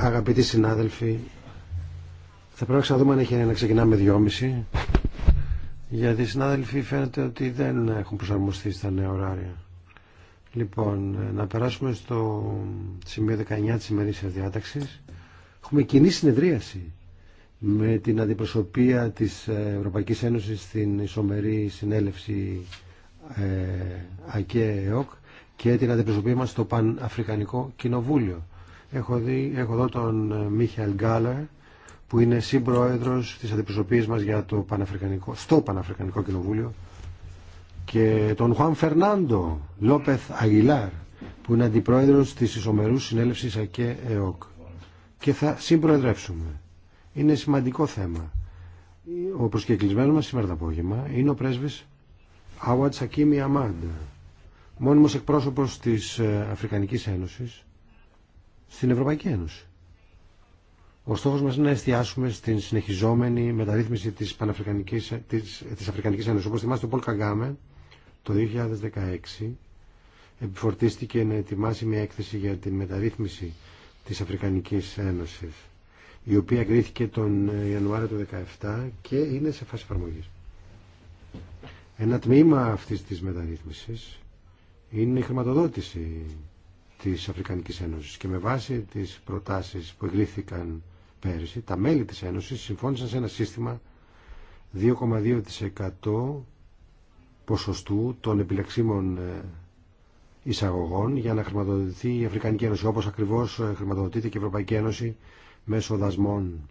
Αγαπητοί συνάδελφοι, θα πρέπει να δούμε αν έχει να ξεκινάμε δυόμιση. Γιατί οι συνάδελφοι φαίνεται ότι δεν έχουν προσαρμοστεί στα νέα ωράρια. Λοιπόν, να περάσουμε στο σημείο 19 της ημερήσια διάταξης. Έχουμε κοινή συνεδρίαση με την αντιπροσωπεία της Ευρωπαϊκής Ένωσης στην Ισομερή Συνέλευση ε, και την αντιπροσωπή μας στο Παναφρικανικό Κοινοβούλιο. Έχω, δει, έχω εδώ τον ε, Μίχελ Γκάλερ που είναι σύμπροεδρος της αντιπροσωπής μας για το Παναφρικανικό, στο Παναφρικανικό Κοινοβούλιο και τον Χουάν Φερνάντο Λόπεθ Αγιλάρ που είναι αντιπρόεδρος της Ισομερούς Συνέλευσης ΑΚΕ ΕΟΚ και θα συμπροεδρεύσουμε. Είναι σημαντικό θέμα. Ο προσκεκλισμένος μας σήμερα το απόγευμα είναι ο πρέσβης Αουατ Σακίμι Αμάντα μόνιμος εκπρόσωπος της ε, Αφρικανικής Ένωσης στην Ευρωπαϊκή Ένωση. Ο στόχος μας είναι να εστιάσουμε στην συνεχιζόμενη μεταρρύθμιση της, ε, της, της Αφρικανικής Ένωσης. Όπως θυμάστε, ο Πολ Καγκάμε το 2016 επιφορτίστηκε να ετοιμάσει μια έκθεση για την μεταρρύθμιση της Αφρικανικής Ένωσης η οποία κρίθηκε τον ε, Ιανουάριο του 2017 και είναι σε φάση εφαρμογής. Ένα τμήμα αυτής της μεταρρύθμισης είναι η χρηματοδότηση της Αφρικανικής Ένωσης και με βάση τις προτάσεις που εγκλήθηκαν πέρυσι τα μέλη της Ένωσης συμφώνησαν σε ένα σύστημα 2,2% ποσοστού των επιλεξίμων ε, εισαγωγών για να χρηματοδοτηθεί η Αφρικανική Ένωση όπως ακριβώς ε, χρηματοδοτείται και η Ευρωπαϊκή Ένωση μέσω δασμών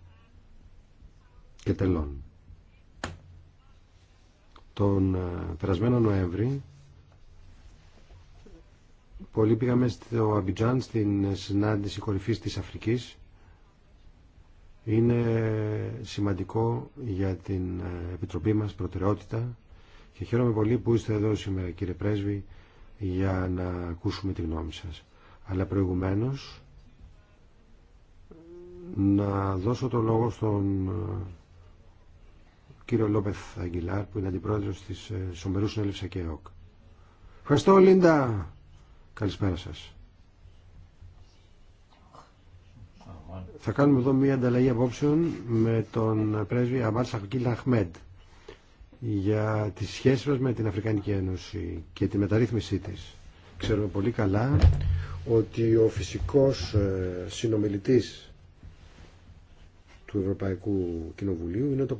και τελών. Τον ε, περασμένο Νοέμβρη Πολύ πήγαμε στο Αμπιτζάν στην συνάντηση κορυφής της Αφρικής. Είναι σημαντικό για την ε, Επιτροπή μας προτεραιότητα και χαίρομαι πολύ που είστε εδώ σήμερα κύριε Πρέσβη για να ακούσουμε τη γνώμη σας. Αλλά προηγουμένως να δώσω το λόγο στον ε, κύριο Λόπεθ Αγγιλάρ που είναι αντιπρόεδρος της ε, Σομερού Συνέλευσης ΑΚΕΟΚ. Ευχαριστώ Λίντα. Καλησπέρα σας. Θα κάνουμε εδώ μία ανταλλαγή απόψεων με τον πρέσβη Αμπάρ Σαχκίλ Αχμέντ για τις σχέσεις μας με την Αφρικανική Ένωση και τη μεταρρύθμισή της. Ξέρουμε πολύ καλά ότι ο φυσικός ε, συνομιλητής του Ευρωπαϊκού Κοινοβουλίου είναι το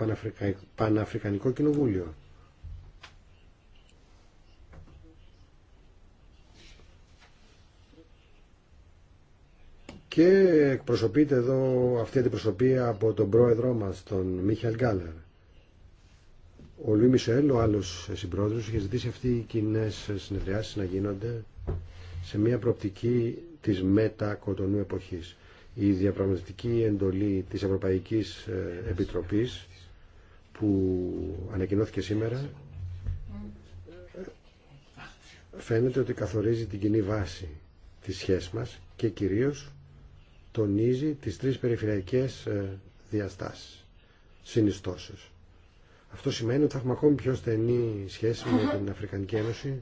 Παναφρικανικό Κοινοβούλιο και εκπροσωπείται εδώ αυτή η αντιπροσωπεία από τον πρόεδρό μας, τον Μίχαλ Γκάλερ. Ο Λουί Μισελ, ο άλλος συμπρόεδρος, είχε ζητήσει αυτοί οι κοινέ συνεδριάσεις να γίνονται σε μια προοπτική της μετακοτονού εποχής. Η διαπραγματευτική εντολή της Ευρωπαϊκής ε, Επιτροπής που ανακοινώθηκε σήμερα φαίνεται ότι καθορίζει την κοινή βάση της σχέσης μας και κυρίως τονίζει τις τρεις περιφερειακές ε, διαστάσεις, συνιστώσεις. Αυτό σημαίνει ότι θα έχουμε ακόμη πιο στενή σχέση με την Αφρικανική Ένωση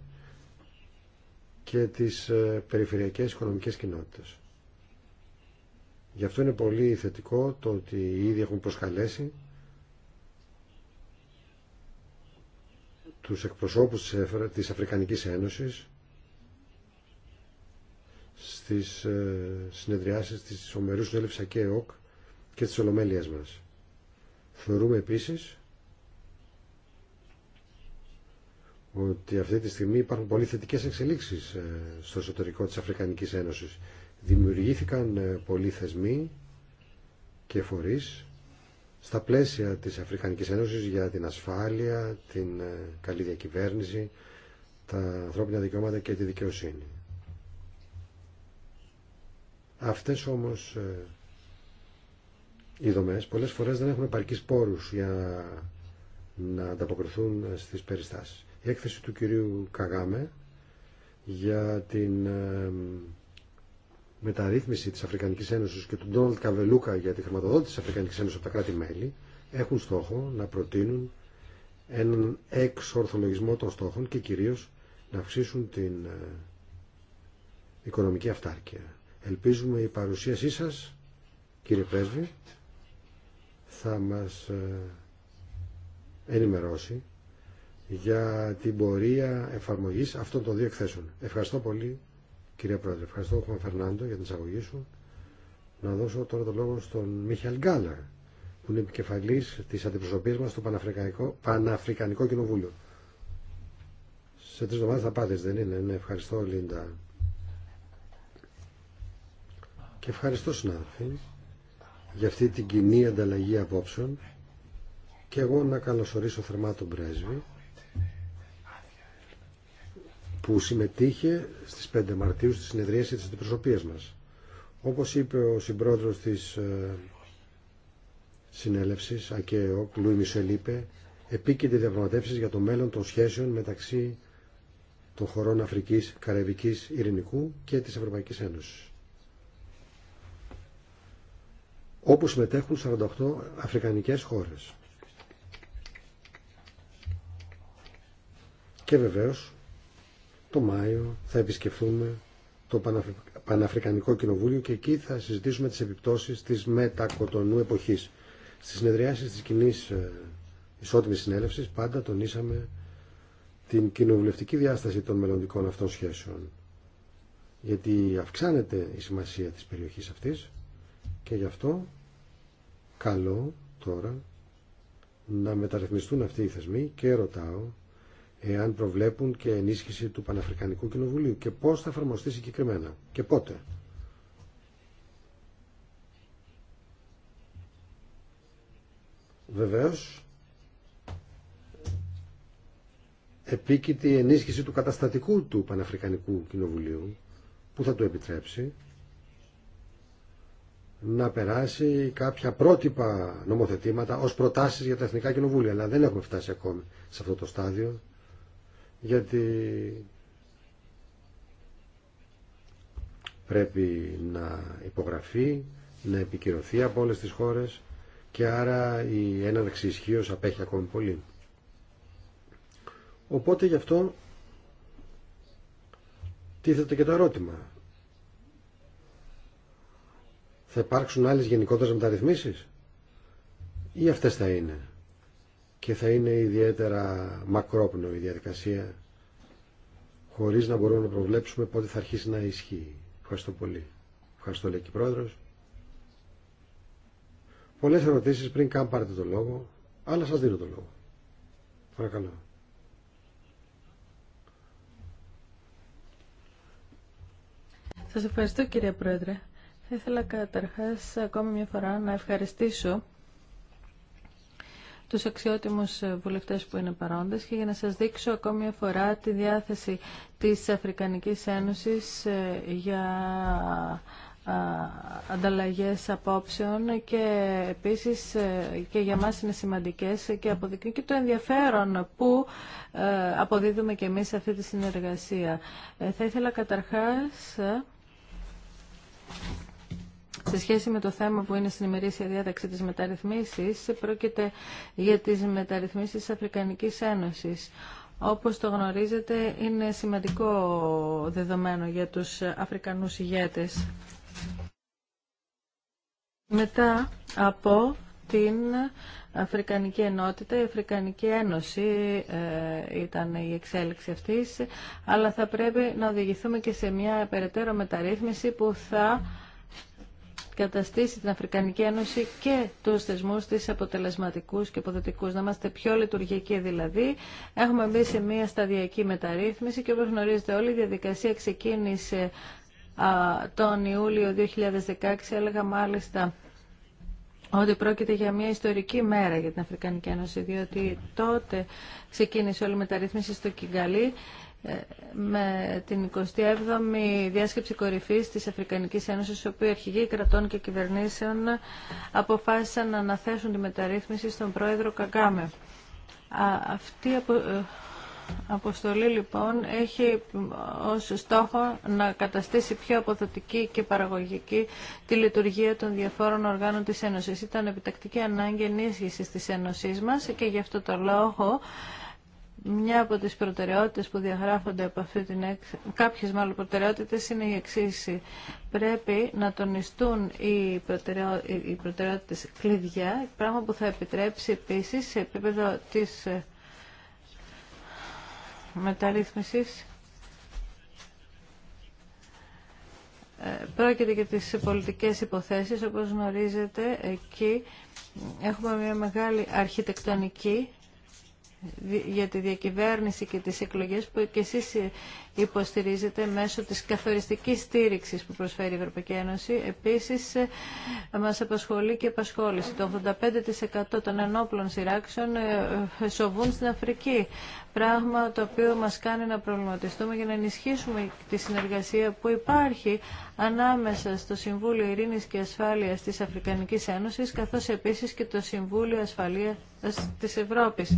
και τις ε, περιφερειακές οικονομικές κοινότητες. Γι' αυτό είναι πολύ θετικό το ότι ήδη έχουν προσκαλέσει τους εκπροσώπους της Αφρικανικής Ένωσης στις ε, συνεδριάσεις της Ομερού και ΑΚΕΟΚ και της Ολομέλειας μας. Θεωρούμε επίσης ότι αυτή τη στιγμή υπάρχουν πολύ θετικές εξελίξεις ε, στο εσωτερικό της Αφρικανικής Ένωσης. Δημιουργήθηκαν ε, πολλοί θεσμοί και φορείς στα πλαίσια της Αφρικανικής Ένωσης για την ασφάλεια, την καλή διακυβέρνηση, τα ανθρώπινα δικαιώματα και τη δικαιοσύνη. Αυτές όμως ε, οι δομές πολλές φορές δεν έχουν επαρκείς πόρους για να ανταποκριθούν ε, στις περιστάσεις. Η έκθεση του κυρίου Καγάμε για την ε, μεταρρύθμιση της Αφρικανικής Ένωσης και του Ντόναλτ Καβελούκα για τη χρηματοδότηση της Αφρικανικής Ένωσης από τα κράτη-μέλη έχουν στόχο να προτείνουν έναν εξορθολογισμό των στόχων και κυρίως να αυξήσουν την οικονομική αυτάρκεια. Ελπίζουμε η παρουσίασή σας, κύριε Πρέσβη, θα μας ε, ενημερώσει για την πορεία εφαρμογής αυτών των δύο εκθέσεων. Ευχαριστώ πολύ, κύριε Πρόεδρε. Ευχαριστώ, κύριε Φερνάντο, για την εισαγωγή σου. Να δώσω τώρα το λόγο στον Μίχαλ Γκάλα, που είναι επικεφαλής της αντιπροσωπείας μας στο Παναφρικανικό, Παναφρικανικό Κοινοβούλιο. Σε τρεις εβδομάδες θα πάτε, δεν είναι. Ναι, ευχαριστώ, Λίντα. Και ευχαριστώ συνάδελφοι για αυτή την κοινή ανταλλαγή απόψεων και εγώ να καλωσορίσω θερμά τον πρέσβη που συμμετείχε στις 5 Μαρτίου στη συνεδρίαση της αντιπροσωπείας μας. Όπως είπε ο συμπρόεδρος της ε, συνέλευσης, ΑΚΕΟ, Λουί Μισελ είπε, διαπραγματεύσεις για το μέλλον των σχέσεων μεταξύ των χωρών Αφρικής, Καραϊβικής, Ειρηνικού και της Ευρωπαϊκής Ένωσης. όπου συμμετέχουν 48 αφρικανικές χώρες. Και βεβαίως το Μάιο θα επισκεφθούμε το Παναφρικανικό Κοινοβούλιο και εκεί θα συζητήσουμε τις επιπτώσεις της μετακοτονού εποχής. Στις συνεδριάσεις της κοινή ε, ισότιμης συνέλευσης πάντα τονίσαμε την κοινοβουλευτική διάσταση των μελλοντικών αυτών σχέσεων. Γιατί αυξάνεται η σημασία της περιοχής αυτής και γι' αυτό καλό τώρα να μεταρρυθμιστούν αυτοί οι θεσμοί και ρωτάω εάν προβλέπουν και ενίσχυση του Παναφρικανικού Κοινοβουλίου και πώς θα εφαρμοστεί συγκεκριμένα και πότε. Βεβαίως, επίκειται η ενίσχυση του καταστατικού του Παναφρικανικού Κοινοβουλίου που θα του επιτρέψει να περάσει κάποια πρότυπα νομοθετήματα ως προτάσεις για τα Εθνικά Κοινοβούλια. Αλλά δεν έχουμε φτάσει ακόμη σε αυτό το στάδιο, γιατί πρέπει να υπογραφεί, να επικυρωθεί από όλες τις χώρες και άρα η έναρξη ισχύω απέχει ακόμη πολύ. Οπότε γι' αυτό τίθεται και το ερώτημα θα υπάρξουν άλλες γενικότερες μεταρρυθμίσεις ή αυτέ θα είναι και θα είναι ιδιαίτερα μακρόπνοη η διαδικασία χωρίς να μπορούμε να προβλέψουμε πότε θα αρχίσει να ισχύει. Ευχαριστώ πολύ. Ευχαριστώ λέει και πρόεδρος. Πολλές ερωτήσεις πριν καν πάρετε το λόγο, αλλά σα δίνω το λόγο. Παρακαλώ. Σας ευχαριστώ κύριε Πρόεδρε. Θα ήθελα καταρχάς ακόμη μια φορά να ευχαριστήσω τους αξιότιμους βουλευτές που είναι παρόντες και για να σας δείξω ακόμη μια φορά τη διάθεση της Αφρικανικής Ένωσης ε, για ανταλλαγές απόψεων και επίσης ε, και για μας είναι σημαντικές και αποδεικνύει και το ενδιαφέρον που ε, αποδίδουμε και εμείς σε αυτή τη συνεργασία. Θα ήθελα καταρχάς σε σχέση με το θέμα που είναι στην ημερήσια διάταξη της μεταρρυθμίσης, πρόκειται για τις μεταρρυθμίσεις της Αφρικανικής Ένωσης. Όπως το γνωρίζετε, είναι σημαντικό δεδομένο για τους Αφρικανούς ηγέτες. Μετά από την Αφρικανική Ενότητα, η Αφρικανική Ένωση ε, ήταν η εξέλιξη αυτής, αλλά θα πρέπει να οδηγηθούμε και σε μια περαιτέρω μεταρρύθμιση που θα καταστήσει την Αφρικανική Ένωση και του θεσμού της αποτελεσματικούς και υποθετικού. Να είμαστε πιο λειτουργικοί δηλαδή. Έχουμε μπει σε μια σταδιακή μεταρρύθμιση και όπω γνωρίζετε όλη η διαδικασία ξεκίνησε τον Ιούλιο 2016. Έλεγα μάλιστα ότι πρόκειται για μια ιστορική μέρα για την Αφρικανική Ένωση, διότι τότε ξεκίνησε όλη η μεταρρύθμιση στο Κιγκαλί ε, με την 27η διάσκεψη κορυφής της Αφρικανικής Ένωσης, όπου οι αρχηγοί κρατών και κυβερνήσεων αποφάσισαν να αναθέσουν τη μεταρρύθμιση στον πρόεδρο Καγκάμε. αυτή απο... Ε, αποστολή λοιπόν έχει ως στόχο να καταστήσει πιο αποδοτική και παραγωγική τη λειτουργία των διαφόρων οργάνων της Ένωσης. Ήταν επιτακτική ανάγκη ενίσχυσης της Ένωσής μας και γι' αυτό το λόγο μια από τις προτεραιότητες που διαγράφονται από αυτή την έκθεση, κάποιες μάλλον προτεραιότητες είναι η εξή. Πρέπει να τονιστούν οι, προτεραιο, οι προτεραιότητες κλειδιά, πράγμα που θα επιτρέψει επίσης σε επίπεδο της ε, μεταρρύθμισης ε, Πρόκειται για τις πολιτικές υποθέσεις, όπως γνωρίζετε, εκεί έχουμε μια μεγάλη αρχιτεκτονική για τη διακυβέρνηση και τις εκλογές που και εσείς υποστηρίζετε μέσω της καθοριστικής στήριξης που προσφέρει η Ευρωπαϊκή Ένωση. Επίσης, ε, μας απασχολεί και απασχόληση. Το 85% των ενόπλων σειράξεων ε, ε, σοβούν στην Αφρική. Πράγμα το οποίο μας κάνει να προβληματιστούμε για να ενισχύσουμε τη συνεργασία που υπάρχει ανάμεσα στο Συμβούλιο Ειρήνης και Ασφάλειας της Αφρικανικής Ένωσης καθώς επίσης και το Συμβούλιο Ασφαλείας της Ευρώπης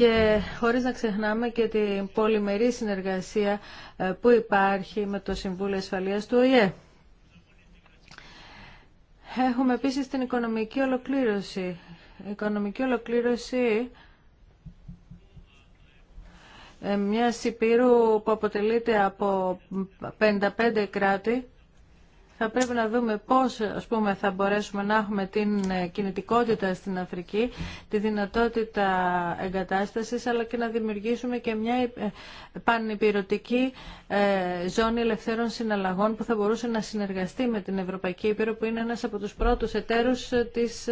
και χωρίς να ξεχνάμε και την πολυμερή συνεργασία ε, που υπάρχει με το Συμβούλιο Ασφαλείας του ΟΗΕ. Έχουμε επίσης την οικονομική ολοκλήρωση. Η οικονομική ολοκλήρωση ε, μια υπήρου που αποτελείται από 55 κράτη θα πρέπει να δούμε πώς ας πούμε, θα μπορέσουμε να έχουμε την ε, κινητικότητα στην Αφρική, τη δυνατότητα εγκατάστασης, αλλά και να δημιουργήσουμε και μια ε, πανυπηρωτική ε, ζώνη ελευθέρων συναλλαγών που θα μπορούσε να συνεργαστεί με την Ευρωπαϊκή Ήπειρο, που είναι ένας από τους πρώτους εταίρους της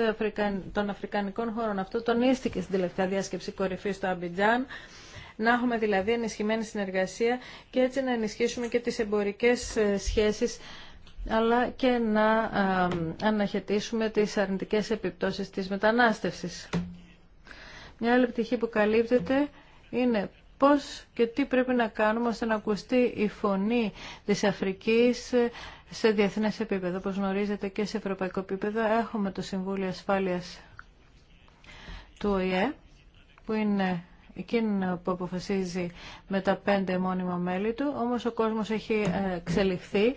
των Αφρικανικών χωρών. Αυτό τονίστηκε στην τελευταία διάσκεψη κορυφής στο Αμπιτζάν να έχουμε δηλαδή ενισχυμένη συνεργασία και έτσι να ενισχύσουμε και τις εμπορικές σχέσεις αλλά και να αναχαιτήσουμε τις αρνητικές επιπτώσεις της μετανάστευσης. Μια άλλη πτυχή που καλύπτεται είναι πώς και τι πρέπει να κάνουμε ώστε να ακουστεί η φωνή της Αφρικής σε διεθνές επίπεδο. Όπως γνωρίζετε και σε ευρωπαϊκό επίπεδο έχουμε το Συμβούλιο Ασφάλειας του ΟΗΕ που είναι εκείνο που αποφασίζει με τα πέντε μόνιμα μέλη του, όμως ο κόσμος έχει ε, εξελιχθεί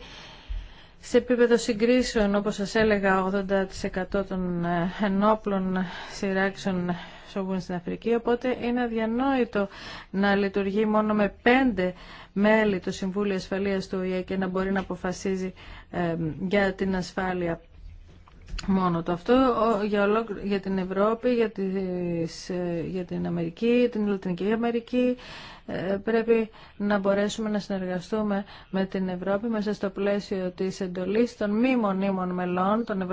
σε επίπεδο συγκρίσεων, όπως σας έλεγα, 80% των ε, ενόπλων σειράξεων σοβούν στην Αφρική, οπότε είναι αδιανόητο να λειτουργεί μόνο με πέντε μέλη το Συμβούλιο Ασφαλείας του ΟΗΕ και να μπορεί να αποφασίζει ε, για την ασφάλεια μόνο το αυτό για, για την Ευρώπη, για, ε, για την Αμερική, την Λατινική Αμερική. Ε, πρέπει να μπορέσουμε να συνεργαστούμε με την Ευρώπη μέσα στο πλαίσιο της εντολής των μη μονίμων μελών, των,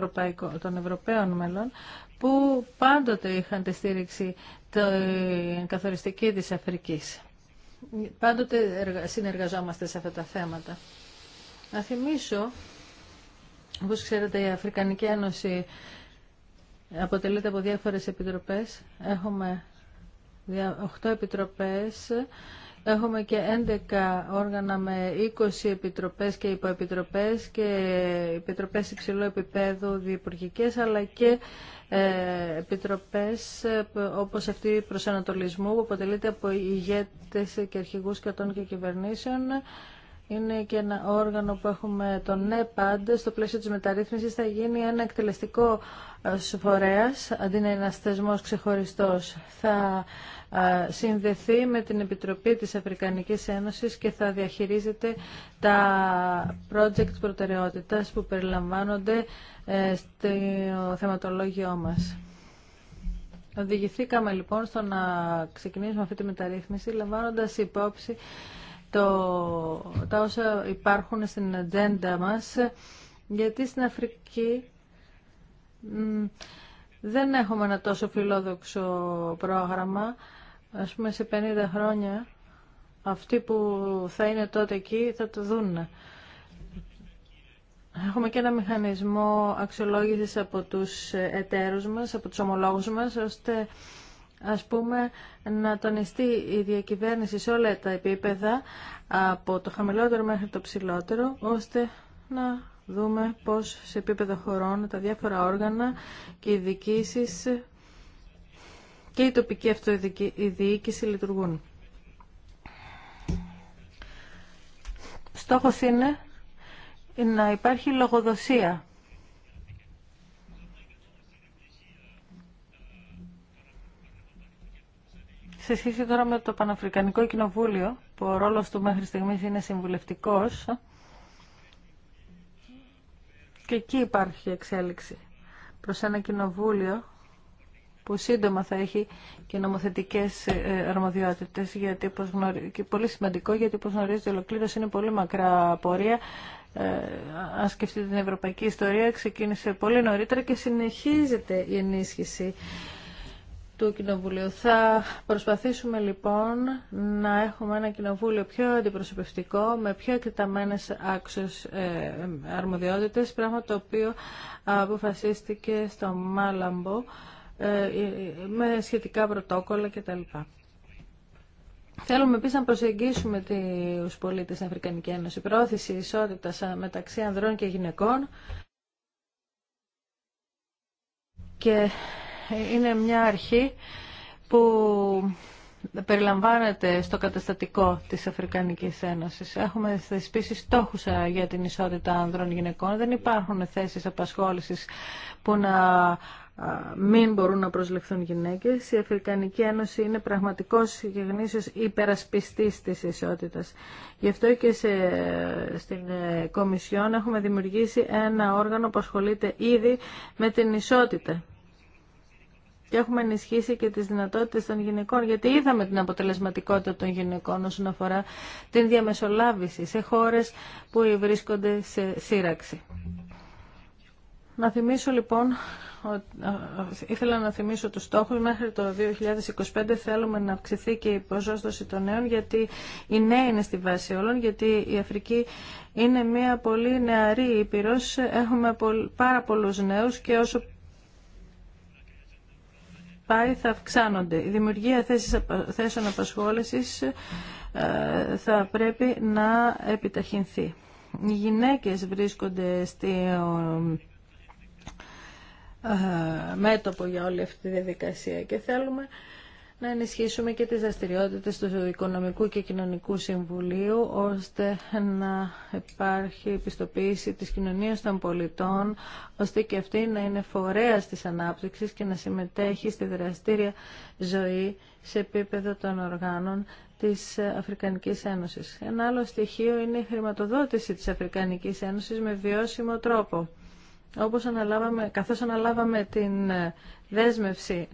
των Ευρωπαίων μελών, που πάντοτε είχαν τη στήριξη την καθοριστική της Αφρικής. Πάντοτε συνεργαζόμαστε σε αυτά τα θέματα. Να θυμίσω όπως ξέρετε η Αφρικανική Ένωση αποτελείται από διάφορες επιτροπές. Έχουμε 8 επιτροπές. Έχουμε και 11 όργανα με 20 επιτροπές και υποεπιτροπές και επιτροπές υψηλού επίπεδου διεπουργικές αλλά και ε, επιτροπές ε, όπως αυτή προσανατολισμού που αποτελείται από ηγέτες και αρχηγούς κρατών και κυβερνήσεων είναι και ένα όργανο που έχουμε το ΝΕΠΑΝΤ. Στο πλαίσιο της μεταρρύθμισης θα γίνει ένα εκτελεστικό ε, φορέας, αντί να είναι ένας θεσμός ξεχωριστός. Θα ε, συνδεθεί με την Επιτροπή της Αφρικανικής Ένωσης και θα διαχειρίζεται τα project προτεραιότητας που περιλαμβάνονται ε, στο θεματολόγιο μας. Οδηγηθήκαμε λοιπόν στο να ξεκινήσουμε αυτή τη μεταρρύθμιση λαμβάνοντας υπόψη το, τα όσα υπάρχουν στην ατζέντα μας, γιατί στην Αφρική δεν έχουμε ένα τόσο φιλόδοξο πρόγραμμα. Ας πούμε σε 50 χρόνια αυτοί που θα είναι τότε εκεί θα το δουν. Έχουμε και ένα μηχανισμό αξιολόγησης από τους εταίρους μας, από τους ομολόγους μας, ώστε ας πούμε να τονιστεί η διακυβέρνηση σε όλα τα επίπεδα από το χαμηλότερο μέχρι το ψηλότερο ώστε να δούμε πώς σε επίπεδο χωρών τα διάφορα όργανα και οι διοικήσεις και η τοπική αυτοδιοίκηση λειτουργούν. Στόχος είναι να υπάρχει λογοδοσία Σε σχέση τώρα με το Παναφρικανικό Κοινοβούλιο, που ο ρόλος του μέχρι στιγμής είναι συμβουλευτικός, και εκεί υπάρχει εξέλιξη προς ένα κοινοβούλιο που σύντομα θα έχει και νομοθετικές ε, αρμοδιότητες γιατί και πολύ σημαντικό γιατί όπως γνωρίζετε ολοκλήρωση είναι πολύ μακρά πορεία ε, αν σκεφτείτε την ευρωπαϊκή ιστορία ξεκίνησε πολύ νωρίτερα και συνεχίζεται η ενίσχυση του Κοινοβουλίου. Θα προσπαθήσουμε λοιπόν να έχουμε ένα Κοινοβούλιο πιο αντιπροσωπευτικό, με πιο εκτεταμένες άξιες αρμοδιότητε, αρμοδιότητες, πράγμα το οποίο αποφασίστηκε στο Μάλαμπο ε, με σχετικά πρωτόκολλα κτλ. Θέλουμε επίση να προσεγγίσουμε του πολίτε στην Αφρικανική Ένωση. Πρόθεση ισότητα μεταξύ ανδρών και γυναικών είναι μια αρχή που περιλαμβάνεται στο καταστατικό της Αφρικανικής Ένωσης. Έχουμε θεσπίσει στόχους ε, για την ισότητα ανδρών γυναικών. Δεν υπάρχουν θέσεις απασχόλησης που να ε, μην μπορούν να προσληφθούν γυναίκες. Η Αφρικανική Ένωση είναι πραγματικός και υπερασπιστής της ισότητας. Γι' αυτό και στην ε, Κομισιόν έχουμε δημιουργήσει ένα όργανο που ασχολείται ήδη με την ισότητα και έχουμε ενισχύσει και τις δυνατότητες των γυναικών, γιατί είδαμε την αποτελεσματικότητα των γυναικών όσον αφορά την διαμεσολάβηση σε χώρες που βρίσκονται σε σύραξη. Να θυμίσω λοιπόν, ήθελα να θυμίσω τους στόχους, μέχρι το 2025 θέλουμε να αυξηθεί και η ποσόστοση των νέων, γιατί οι νέοι είναι στη βάση όλων, γιατί η Αφρική είναι μια πολύ νεαρή ήπειρος, έχουμε πάρα πολλούς νέους και όσο πάει θα αυξάνονται. Η δημιουργία θέσεων απασχόλησης ε, θα πρέπει να επιταχυνθεί. Οι γυναίκες βρίσκονται στη ε, μέτωπο για όλη αυτή τη διαδικασία και θέλουμε να ενισχύσουμε και τις δραστηριότητες του Οικονομικού και Κοινωνικού Συμβουλίου ώστε να υπάρχει επιστοποίηση της κοινωνίας των πολιτών ώστε και αυτή να είναι φορέας της ανάπτυξης και να συμμετέχει στη δραστήρια ζωή σε επίπεδο των οργάνων της Αφρικανικής Ένωσης. Ένα άλλο στοιχείο είναι η χρηματοδότηση της Αφρικανικής Ένωσης με βιώσιμο τρόπο. Όπως αναλάβαμε, καθώς αναλάβαμε την δέσμευση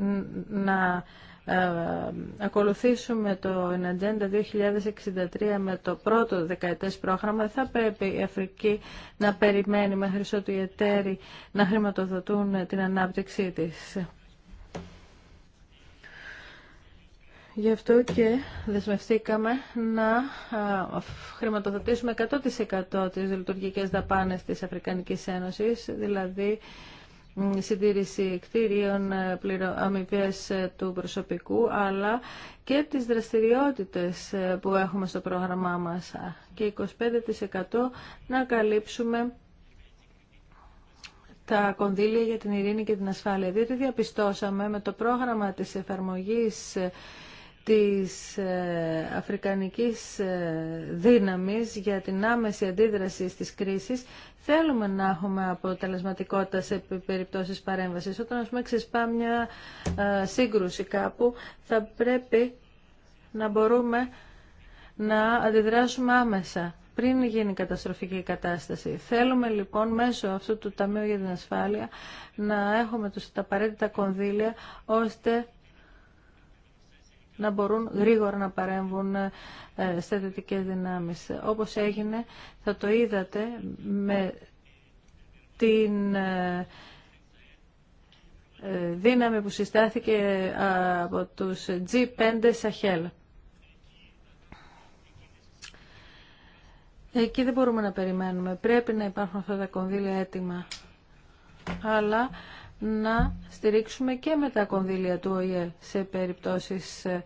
να ε, ακολουθήσουμε το Agenda 2063 με το πρώτο δεκαετές πρόγραμμα, θα πρέπει η Αφρική να περιμένει μέχρι ότου οι εταίροι να χρηματοδοτούν την ανάπτυξή της. Γι' αυτό και δεσμευτήκαμε να ε, χρηματοδοτήσουμε 100% τις λειτουργικές δαπάνες της Αφρικανικής Ένωσης, δηλαδή συντήρηση κτίριων, ε, αμοιβές ε, του προσωπικού, αλλά και τις δραστηριότητες ε, που έχουμε στο πρόγραμμά μας και 25% να καλύψουμε τα κονδύλια για την ειρήνη και την ασφάλεια. Διότι διαπιστώσαμε με το πρόγραμμα της εφαρμογής της ε, αφρικανικής ε, δύναμης για την άμεση αντίδραση στις κρίσεις θέλουμε να έχουμε αποτελεσματικότητα σε περιπτώσεις παρέμβασης. Όταν ας πούμε ξεσπά μια ε, σύγκρουση κάπου θα πρέπει να μπορούμε να αντιδράσουμε άμεσα πριν γίνει καταστροφική κατάσταση. Θέλουμε λοιπόν μέσω αυτού του Ταμείου για την Ασφάλεια να έχουμε τα απαραίτητα κονδύλια ώστε να μπορούν γρήγορα να παρέμβουν ε, θετικέ δυνάμεις. Όπως έγινε, θα το είδατε με την ε, ε, δύναμη που συστάθηκε από τους G5 Σαχέλ. Εκεί δεν μπορούμε να περιμένουμε. Πρέπει να υπάρχουν αυτά τα κονδύλια έτοιμα. Αλλά να στηρίξουμε και με τα κονδύλια του ΟΗΕ σε περιπτώσεις ε,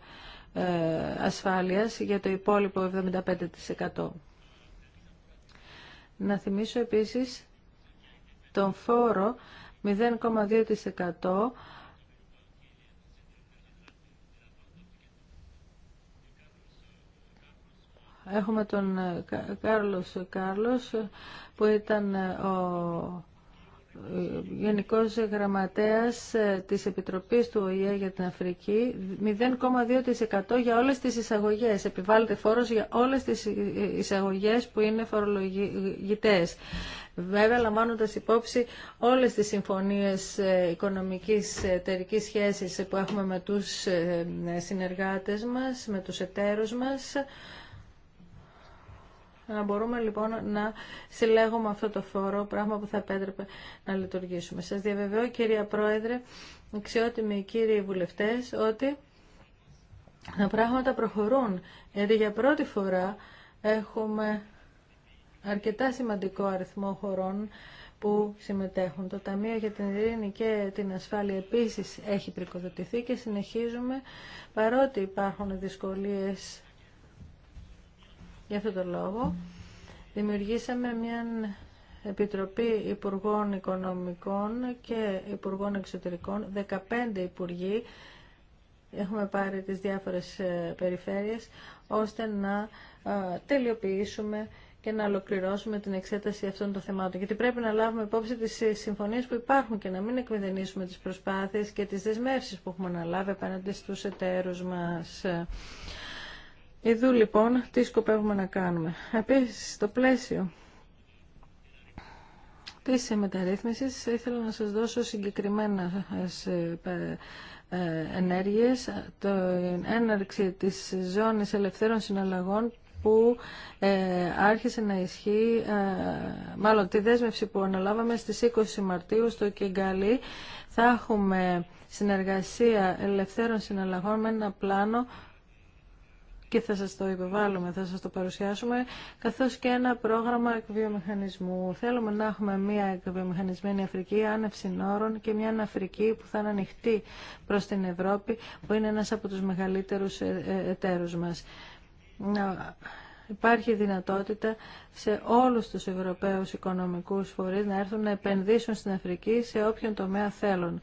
ε, ασφάλειας για το υπόλοιπο 75%. Να θυμίσω επίσης τον φόρο 0,2% Έχουμε τον ε, Κάρλος Κάρλος που ήταν ο Γενικός Γραμματέας ε, της Επιτροπής του ΟΗΕ για την Αφρική 0,2% για όλες τις εισαγωγές. Επιβάλλεται φόρος για όλες τις ε, εισαγωγές που είναι φορολογητές. Βέβαια, λαμβάνοντα υπόψη όλες τις συμφωνίες ε, οικονομικής εταιρική σχέσης που έχουμε με τους συνεργάτες μας, με τους εταίρους μας, να μπορούμε λοιπόν να συλλέγουμε αυτό το φόρο, πράγμα που θα επέτρεπε να λειτουργήσουμε. Σας διαβεβαιώ κυρία Πρόεδρε, αξιότιμοι κύριοι βουλευτές, ότι τα πράγματα προχωρούν. Γιατί για πρώτη φορά έχουμε αρκετά σημαντικό αριθμό χωρών που συμμετέχουν. Το Ταμείο για την Ειρήνη και την Ασφάλεια επίσης έχει πρικοδοτηθεί και συνεχίζουμε παρότι υπάρχουν δυσκολίες Γι' αυτόν τον λόγο δημιουργήσαμε μια Επιτροπή Υπουργών Οικονομικών και Υπουργών Εξωτερικών, 15 υπουργοί, έχουμε πάρει τις διάφορες ε, περιφέρειες, ώστε να ε, τελειοποιήσουμε και να ολοκληρώσουμε την εξέταση αυτών των θεμάτων. Γιατί πρέπει να λάβουμε υπόψη τις συμφωνίες που υπάρχουν και να μην εκμεδενήσουμε τις προσπάθειες και τις δεσμεύσει που έχουμε αναλάβει απέναντι στου εταίρου μα εδώ λοιπόν τι σκοπεύουμε να κάνουμε. Επίσης, στο πλαίσιο της μεταρρύθμισης ήθελα να σας δώσω συγκεκριμένα ε, ε, ενέργειες, Το έναρξη της ζώνης ελευθέρων συναλλαγών που ε, άρχισε να ισχύει, μάλλον τη δέσμευση που αναλάβαμε στις 20 Μαρτίου στο Κιγκαλί. Θα έχουμε συνεργασία ελευθέρων συναλλαγών με ένα πλάνο και θα σας το υπεβάλλουμε, θα σας το παρουσιάσουμε, καθώς και ένα πρόγραμμα εκβιομηχανισμού. Θέλουμε να έχουμε μια εκβιομηχανισμένη Αφρική άνευ συνόρων και μια Αφρική που θα είναι ανοιχτή προς την Ευρώπη, που είναι ένας από τους μεγαλύτερους ε, ε, εταίρους μας. Υπάρχει δυνατότητα σε όλους τους ευρωπαίους οικονομικούς φορείς να έρθουν να επενδύσουν στην Αφρική σε όποιον τομέα θέλουν.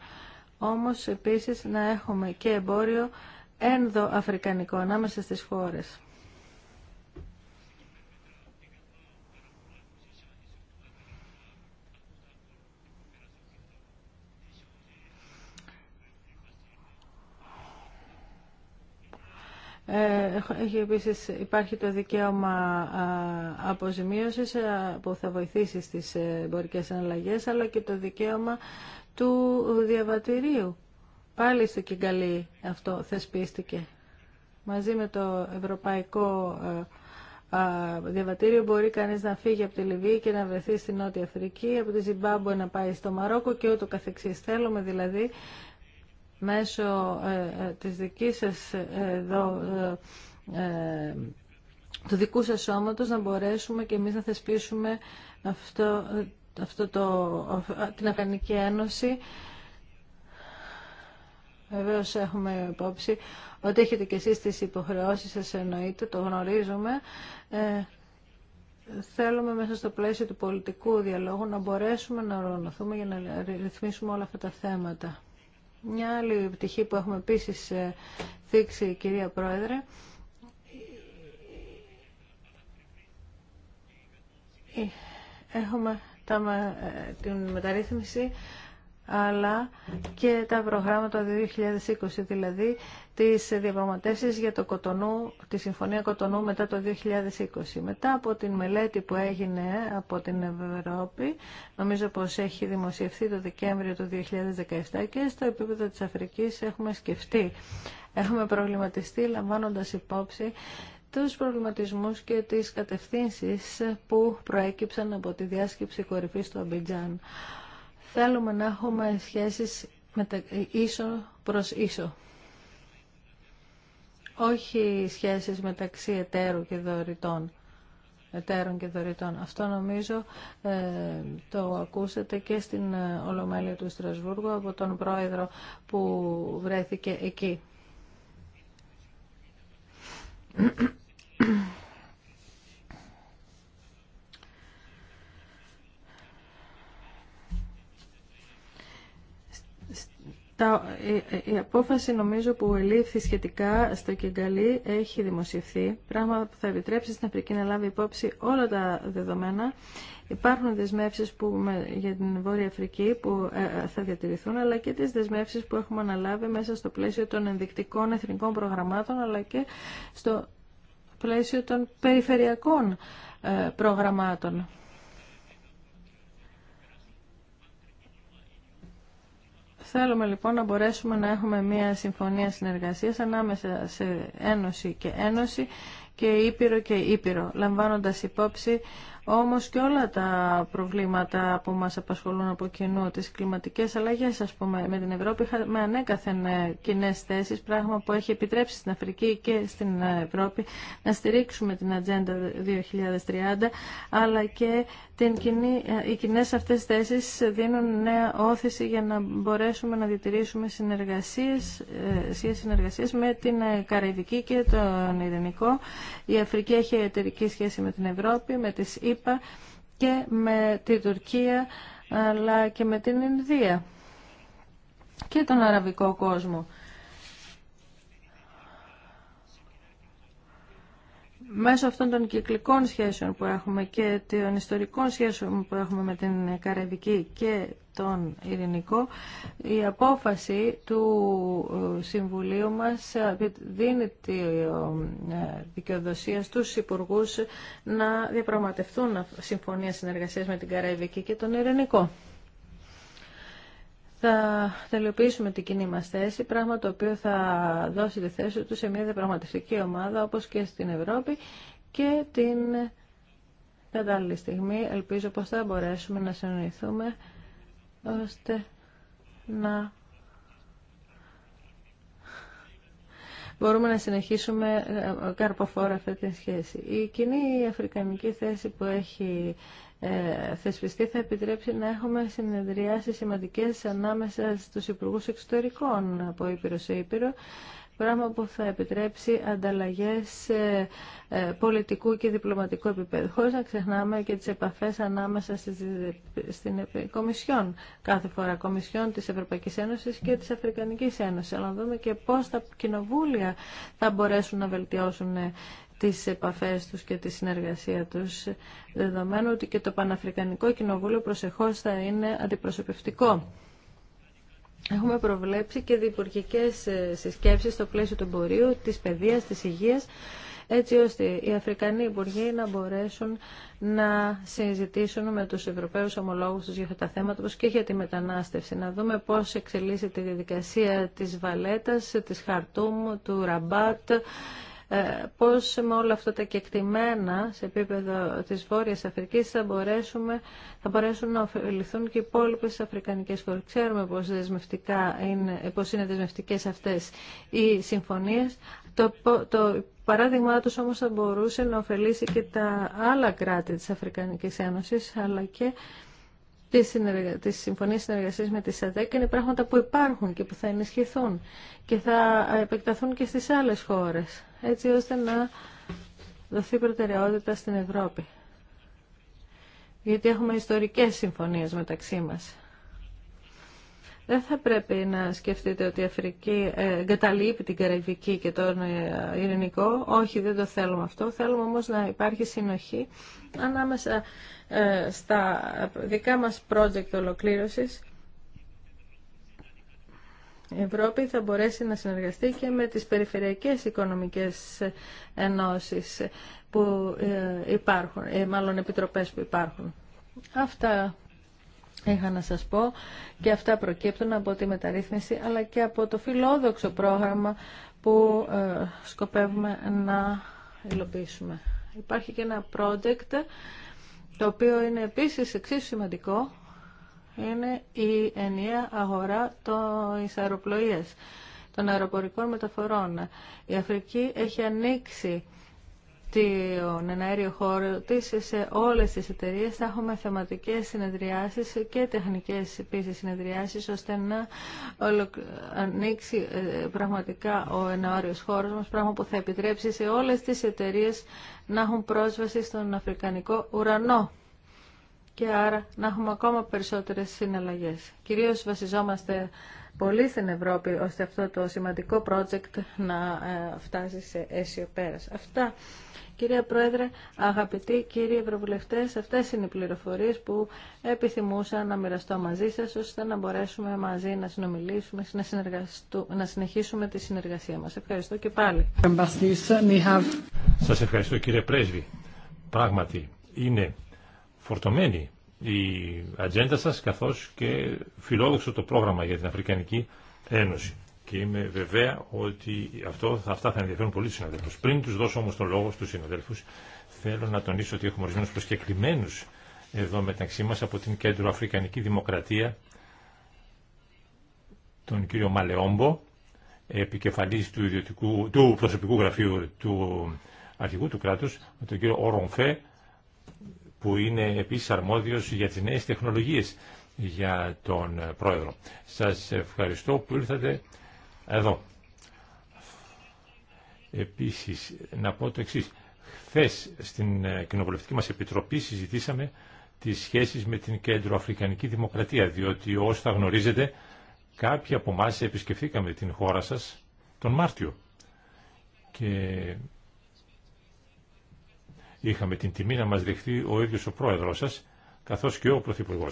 Όμως, επίσης, να έχουμε και εμπόριο ένδοαφρικανικό ανάμεσα στις χώρες. Ε, έχει επίσης, υπάρχει το δικαίωμα αποζημίωσης ε, που θα βοηθήσει στις ε, εμπορικές αναλλαγές, αλλά και το δικαίωμα του διαβατηρίου. Πάλι στο Κιγκαλή αυτό θεσπίστηκε. Μαζί με το Ευρωπαϊκό ε, ε, διαβατήριο μπορεί κανείς να φύγει από τη Λιβύη και να βρεθεί στη Νότια Αφρική, από τη Ζιμπάμπο να πάει στο Μαρόκο και ούτω καθεξής. Θέλουμε δηλαδή μέσω ε, της δικής του δικού σας σώματος να μπορέσουμε και εμείς να θεσπίσουμε αυτό, αυτό το, την Αφρανική Ένωση Βεβαίω έχουμε υπόψη ότι έχετε και εσείς τις υποχρεώσεις σας εννοείται, το γνωρίζουμε. Ε, θέλουμε μέσα στο πλαίσιο του πολιτικού διαλόγου να μπορέσουμε να οργανωθούμε για να ρυθμίσουμε όλα αυτά τα θέματα. Μια άλλη πτυχή που έχουμε επίσης ε, θίξει, κυρία Πρόεδρε, ε, έχουμε τα, την μεταρρύθμιση αλλά και τα προγράμματα 2020, δηλαδή τις διαπραγματεύσεις για το Κοτονού, τη Συμφωνία Κοτονού μετά το 2020. Μετά από την μελέτη που έγινε από την Ευρώπη, νομίζω πως έχει δημοσιευθεί το Δεκέμβριο του 2017 και στο επίπεδο της Αφρικής έχουμε σκεφτεί, έχουμε προβληματιστεί λαμβάνοντας υπόψη τους προβληματισμούς και τις κατευθύνσεις που προέκυψαν από τη διάσκεψη κορυφής του Αμπιτζάν. Θέλουμε να έχουμε σχέσεις μετα... ίσο προς ίσο. Όχι σχέσεις μεταξύ εταίρου και δωρητών. Εταίρων και δωρητών. Αυτό νομίζω ε, το ακούσατε και στην ε, Ολομέλεια του Στρασβούργου από τον πρόεδρο που βρέθηκε εκεί. η απόφαση νομίζω που ελήφθη σχετικά στο Κιγκαλί έχει δημοσιευθεί, πράγμα που θα επιτρέψει στην Αφρική να λάβει υπόψη όλα τα δεδομένα. Υπάρχουν δεσμεύσεις που, για την Βόρεια Αφρική που ε, ε, θα διατηρηθούν, αλλά και τις δεσμεύσεις που έχουμε αναλάβει μέσα στο πλαίσιο των ενδεικτικών εθνικών προγραμμάτων, αλλά και στο πλαίσιο των περιφερειακών ε, προγραμμάτων. Θέλουμε λοιπόν να μπορέσουμε να έχουμε μια συμφωνία συνεργασίας ανάμεσα σε Ένωση και Ένωση και Ήπειρο και Ήπειρο, λαμβάνοντας υπόψη όμως και όλα τα προβλήματα που μας απασχολούν από κοινού, τις κλιματικές αλλαγές ας πούμε, με την Ευρώπη είχαμε ανέκαθεν ε, κοινέ θέσεις, πράγμα που έχει επιτρέψει στην Αφρική και στην ε, Ευρώπη να στηρίξουμε την Ατζέντα 2030, αλλά και την κοινή, ε, οι κοινέ αυτές θέσεις δίνουν νέα όθηση για να μπορέσουμε να διατηρήσουμε συνεργασίες, συνεργασίες με την Καραϊβική και τον Ειρηνικό. Η Αφρική έχει εταιρική σχέση με την Ευρώπη, με τις και με την Τουρκία αλλά και με την Ινδία και τον αραβικό κόσμο. μέσω αυτών των κυκλικών σχέσεων που έχουμε και των ιστορικών σχέσεων που έχουμε με την Καραϊβική και τον Ειρηνικό, η απόφαση του ε, Συμβουλίου μας ε, δίνει τη ε, δικαιοδοσία στους υπουργούς να διαπραγματευτούν συμφωνία συνεργασίας με την Καραϊβική και τον Ειρηνικό θα τελειοποιήσουμε την κοινή μας θέση, πράγμα το οποίο θα δώσει τη θέση του σε μια διαπραγματευτική ομάδα όπως και στην Ευρώπη και την κατάλληλη στιγμή ελπίζω πως θα μπορέσουμε να συνοηθούμε ώστε να μπορούμε να συνεχίσουμε ε, καρποφόρα αυτή τη σχέση. Η κοινή αφρικανική θέση που έχει ε, θεσπιστεί θα επιτρέψει να έχουμε συνεδριάσει σημαντικές ανάμεσα στους Υπουργούς Εξωτερικών από Ήπειρο σε Ήπειρο πράγμα που θα επιτρέψει ανταλλαγές ε, ε, πολιτικού και διπλωματικού επίπεδου, χωρίς να ξεχνάμε και τις επαφές ανάμεσα στην Κομισιόν, κάθε φορά Κομισιόν της Ευρωπαϊκής Ένωσης και της Αφρικανικής Ένωσης, αλλά να δούμε και πώς τα κοινοβούλια θα μπορέσουν να βελτιώσουν ε, τις επαφές τους και τη συνεργασία τους, δεδομένου ότι και το Παναφρικανικό Κοινοβούλιο προσεχώς θα είναι αντιπροσωπευτικό. Έχουμε προβλέψει και διπουργικές ε, συσκέψεις στο πλαίσιο του εμπορίου, της παιδείας, της υγείας, έτσι ώστε οι Αφρικανοί υπουργοί να μπορέσουν να συζητήσουν με τους Ευρωπαίους ομολόγους τους για αυτά τα θέματα, όπως και για τη μετανάστευση. Να δούμε πώς εξελίσσεται η διαδικασία της Βαλέτας, της Χαρτούμ, του Ραμπάτ, ε, πώς με όλα αυτά τα κεκτημένα σε επίπεδο της Βόρειας Αφρικής θα, μπορέσουμε, θα μπορέσουν να ωφεληθούν και οι υπόλοιπε αφρικανικές χώρες. Ξέρουμε πώς, δεσμευτικά είναι, πώς είναι δεσμευτικές αυτές οι συμφωνίες. Το, το παράδειγμα τους όμως θα μπορούσε να ωφελήσει και τα άλλα κράτη της Αφρικανικής Ένωσης αλλά και Τις συνεργα... συνεργασία συνεργασίας με τη ΣΑΔΕΚ είναι πράγματα που υπάρχουν και που θα ενισχυθούν και θα ε, επεκταθούν και στις άλλες χώρες, έτσι ώστε να δοθεί προτεραιότητα στην Ευρώπη. Γιατί έχουμε ιστορικές συμφωνίες μεταξύ μας. Δεν θα πρέπει να σκεφτείτε ότι η Αφρική ε, εγκαταλείπει την Καραϊβική και τον ε, Ειρηνικό. Όχι, δεν το θέλουμε αυτό. Θέλουμε όμως να υπάρχει συνοχή ανάμεσα ε, στα δικά μας project ολοκλήρωσης. Η Ευρώπη θα μπορέσει να συνεργαστεί και με τις περιφερειακές οικονομικές ενώσεις που υπάρχουν, μάλλον επιτροπές που υπάρχουν. Αυτά είχα να σας πω και αυτά προκύπτουν από τη μεταρρύθμιση αλλά και από το φιλόδοξο πρόγραμμα που ε, σκοπεύουμε να υλοποιήσουμε. Υπάρχει και ένα project το οποίο είναι επίσης εξίσου σημαντικό είναι η ενιαία αγορά των αεροπλοείας των αεροπορικών μεταφορών. Η Αφρική έχει ανοίξει τον εναέριο χώρο τη σε όλες τις εταιρείε Θα έχουμε θεματικές συνεδριάσεις και τεχνικές επίση συνεδριάσεις ώστε να ανοίξει ε, πραγματικά ο εναέριο χώρο μας, πράγμα που θα επιτρέψει σε όλες τις εταιρείε να έχουν πρόσβαση στον αφρικανικό ουρανό και άρα να έχουμε ακόμα περισσότερες συναλλαγές. Κυρίως βασιζόμαστε πολύ στην Ευρώπη ώστε αυτό το σημαντικό project να ε, φτάσει σε αίσιο πέρας. Αυτά, κυρία Πρόεδρε, αγαπητοί κύριοι Ευρωβουλευτές, αυτές είναι οι πληροφορίες που επιθυμούσα να μοιραστώ μαζί σας ώστε να μπορέσουμε μαζί να συνομιλήσουμε, να, να συνεχίσουμε τη συνεργασία μας. Ευχαριστώ και πάλι. Σας ευχαριστώ κύριε Πρέσβη. Πράγματι είναι φορτωμένη η ατζέντα σας καθώς και φιλόδοξο το πρόγραμμα για την Αφρικανική Ένωση. Και είμαι βεβαία ότι αυτό, αυτά θα ενδιαφέρουν πολύ τους συναδέλφους. Πριν τους δώσω όμως τον λόγο στους συναδέλφους, θέλω να τονίσω ότι έχουμε ορισμένου προσκεκλημένους εδώ μεταξύ μας από την Κέντρο Αφρικανική Δημοκρατία, τον κύριο Μαλεόμπο, επικεφαλής του, ιδιωτικού, του προσωπικού γραφείου του αρχηγού του κράτους, τον κύριο Ορομφέ, που είναι επίσης αρμόδιος για τις νέες τεχνολογίες για τον Πρόεδρο. Σας ευχαριστώ που ήρθατε εδώ. Επίσης, να πω το εξής. Χθες στην Κοινοβουλευτική μας Επιτροπή συζητήσαμε τις σχέσεις με την Κέντρο Αφρικανική Δημοκρατία, διότι όσο θα γνωρίζετε, κάποιοι από εμά επισκεφθήκαμε την χώρα σας τον Μάρτιο. Και είχαμε την τιμή να μας δεχτεί ο ίδιος ο πρόεδρος σας, καθώς και ο Πρωθυπουργό,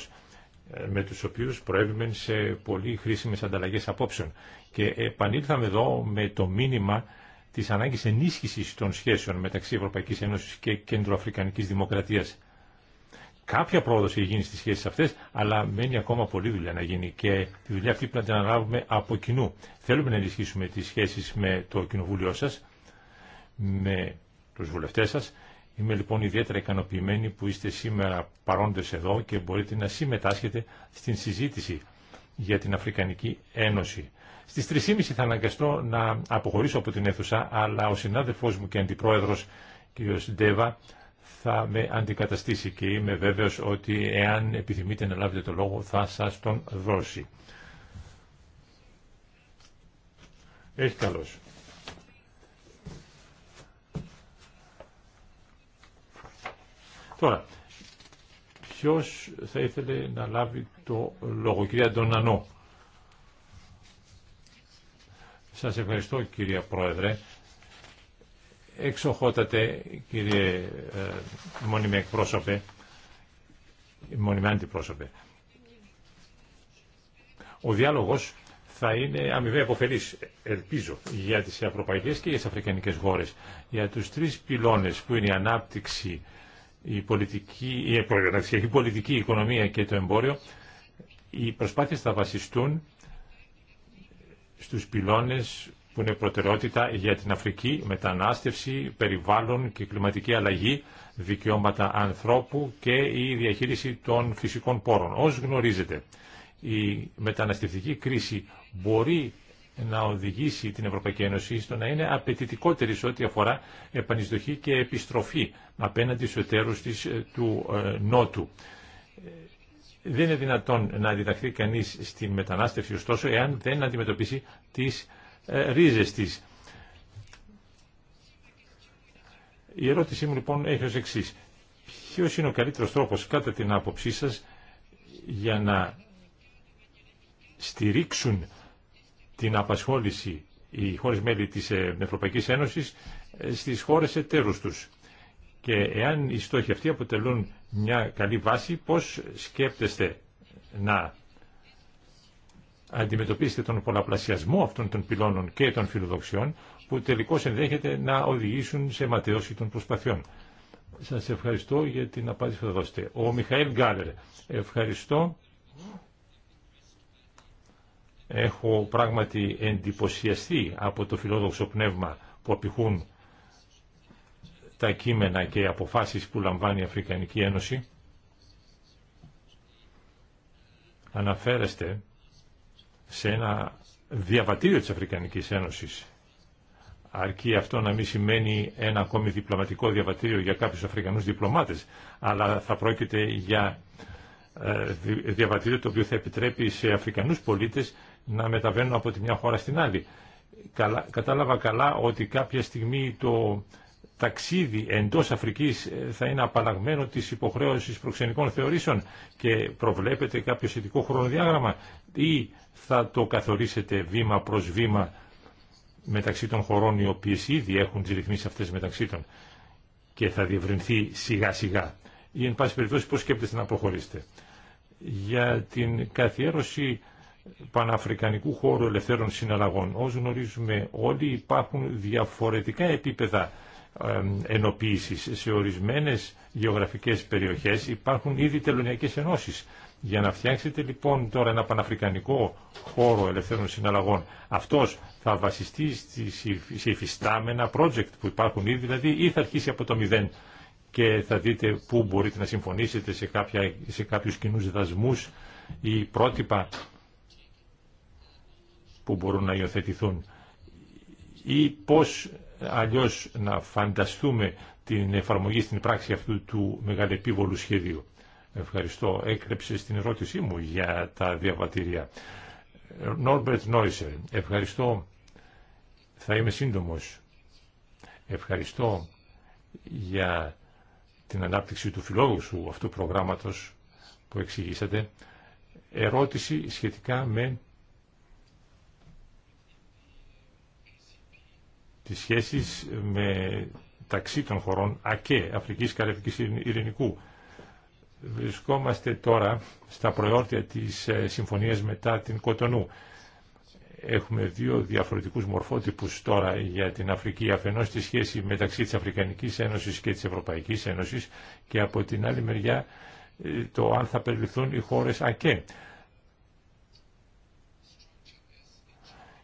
ε, με τους οποίους προέβημεν σε πολύ χρήσιμες ανταλλαγές απόψεων. Και επανήλθαμε εδώ με το μήνυμα της ανάγκης ενίσχυσης των σχέσεων μεταξύ Ευρωπαϊκής Ένωσης και Κεντροαφρικανικής Δημοκρατίας. Κάποια πρόοδο έχει γίνει στι σχέσει αυτέ, αλλά μένει ακόμα πολύ δουλειά να γίνει και τη δουλειά αυτή πρέπει να την αναλάβουμε από κοινού. Θέλουμε να ενισχύσουμε τι σχέσει με το κοινοβούλιο σα, με του βουλευτέ σα, Είμαι λοιπόν ιδιαίτερα ικανοποιημένη που είστε σήμερα παρόντες εδώ και μπορείτε να συμμετάσχετε στην συζήτηση για την Αφρικανική Ένωση. Στις 3.30 θα αναγκαστώ να αποχωρήσω από την αίθουσα, αλλά ο συνάδελφός μου και αντιπρόεδρος κ. Ντέβα θα με αντικαταστήσει και είμαι βέβαιος ότι εάν επιθυμείτε να λάβετε το λόγο θα σας τον δώσει. Έχει καλώς. Τώρα, ποιο θα ήθελε να λάβει το λόγο, κυρία Ντονανό. σα ευχαριστώ κυρία Πρόεδρε. Εξοχότατε κύριε ε, μόνιμη εκπρόσωπε, μόνιμη αντιπρόσωπε. Ο διάλογος θα είναι αμοιβαία αποφελής, ελπίζω, για τις Ευρωπαϊκέ και για τις αφρικανικές γόρες. Για τους τρεις πυλώνες που είναι η ανάπτυξη, η πολιτική, η η πολιτική, η οικονομία και το εμπόριο, οι προσπάθειες θα βασιστούν στους πυλώνες που είναι προτεραιότητα για την Αφρική, μετανάστευση, περιβάλλον και κλιματική αλλαγή, δικαιώματα ανθρώπου και η διαχείριση των φυσικών πόρων. Ως γνωρίζετε, η μεταναστευτική κρίση μπορεί να οδηγήσει την Ευρωπαϊκή Ένωση στο να είναι απαιτητικότερη σε ό,τι αφορά επανεισδοχή και επιστροφή απέναντι στους εταίρους της ε, του ε, Νότου. Ε, δεν είναι δυνατόν να διδαχθεί κανείς στην μετανάστευση, ωστόσο, εάν δεν αντιμετωπίσει τις ρίζες της. Η ερώτησή μου λοιπόν έχει ως εξής. Ποιος είναι ο καλύτερος τρόπος κατά την άποψή σας για να στηρίξουν την απασχόληση οι χώρες μέλη της ε, Ευρωπαϊκής Ένωσης ε, στις χώρες εταίρους τους. Και εάν οι στόχοι αυτοί αποτελούν μια καλή βάση, πώς σκέπτεστε να αντιμετωπίσετε τον πολλαπλασιασμό αυτών των πυλώνων και των φιλοδοξιών, που τελικώς ενδέχεται να οδηγήσουν σε ματαιώση των προσπαθειών. Σας ευχαριστώ για την απάντηση που θα δώσετε. Ο Μιχαήλ Γκάλερ, ευχαριστώ έχω πράγματι εντυπωσιαστεί από το φιλόδοξο πνεύμα που απηχούν τα κείμενα και αποφάσεις που λαμβάνει η Αφρικανική Ένωση. Αναφέρεστε σε ένα διαβατήριο της Αφρικανικής Ένωσης. Αρκεί αυτό να μην σημαίνει ένα ακόμη διπλωματικό διαβατήριο για κάποιους Αφρικανούς διπλωμάτες, αλλά θα πρόκειται για ε, διαβατήριο το οποίο θα επιτρέπει σε Αφρικανούς πολίτες να μεταβαίνουν από τη μια χώρα στην άλλη. κατάλαβα καλά ότι κάποια στιγμή το ταξίδι εντός Αφρικής ε, θα είναι απαλλαγμένο της υποχρέωσης προξενικών θεωρήσεων και προβλέπετε κάποιο σχετικό χρονοδιάγραμμα ή θα το καθορίσετε βήμα προς βήμα μεταξύ των χωρών οι οποίες ήδη έχουν τις ρυθμίσεις αυτές μεταξύ των και θα διευρυνθεί σιγά σιγά ή εν πάση περιπτώσει πώς σκέπτεστε να προχωρήσετε. Για την καθιέρωση Παναφρικανικού χώρου ελευθέρων συναλλαγών. Όσο γνωρίζουμε όλοι υπάρχουν διαφορετικά επίπεδα ενοποίησης σε ορισμένες γεωγραφικές περιοχές υπάρχουν ήδη τελωνιακές ενώσεις. Για να φτιάξετε λοιπόν τώρα ένα παναφρικανικό χώρο ελευθέρων συναλλαγών, αυτός θα βασιστεί σε υφιστάμενα project που υπάρχουν ήδη, δηλαδή ή θα αρχίσει από το μηδέν και θα δείτε πού μπορείτε να συμφωνήσετε σε, κάποια, σε κάποιους κοινούς δασμούς ή πρότυπα που μπορούν να υιοθετηθούν ή πώς αλλιώς να φανταστούμε την εφαρμογή στην πράξη αυτού του μεγαλεπίβολου σχεδίου. Ευχαριστώ. Έκρεψε την ερώτησή μου για τα διαβατήρια. Νόρμπερτ Νόρισερ. ευχαριστώ. Θα είμαι σύντομος. Ευχαριστώ για την ανάπτυξη του φιλόδοξου αυτού προγράμματος που εξηγήσατε, ερώτηση σχετικά με τις σχέσεις με ταξί των χωρών ΑΚΕ, Αφρικής Καραβικής Ειρηνικού. Βρισκόμαστε τώρα στα προεόρτια της ε, συμφωνίας μετά την Κοτονού έχουμε δύο διαφορετικούς μορφότυπους τώρα για την Αφρική. Αφενός τη σχέση μεταξύ της Αφρικανικής Ένωσης και της Ευρωπαϊκής Ένωσης και από την άλλη μεριά ε, το αν θα περιληφθούν οι χώρες ΑΚΕ.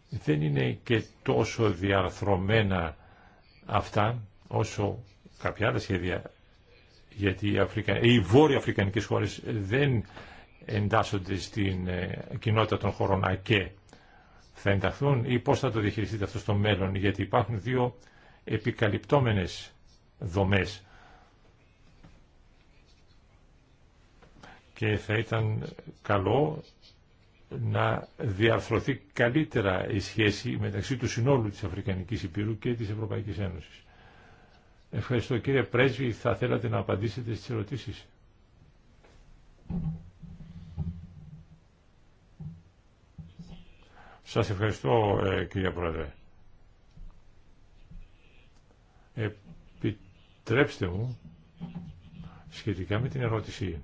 Δεν είναι και τόσο διαρθρωμένα αυτά όσο κάποια άλλα σχέδια γιατί οι, Αφρικα... οι βόρειο αφρικανικές χώρες δεν εντάσσονται στην ε, κοινότητα των χωρών ΑΚΕ θα ενταχθούν ή πώς θα το διαχειριστείτε αυτό στο μέλλον, γιατί υπάρχουν δύο επικαλυπτόμενες δομές. Και θα ήταν καλό να διαρθρωθεί καλύτερα η σχέση μεταξύ του συνόλου της Αφρικανικής Υπήρου και της Ευρωπαϊκής Ένωσης. Ευχαριστώ κύριε Πρέσβη, θα θέλατε να απαντήσετε στις ερωτήσεις. Σας ευχαριστώ ε, κυρία Πρόεδρε. Επιτρέψτε μου σχετικά με την ερώτηση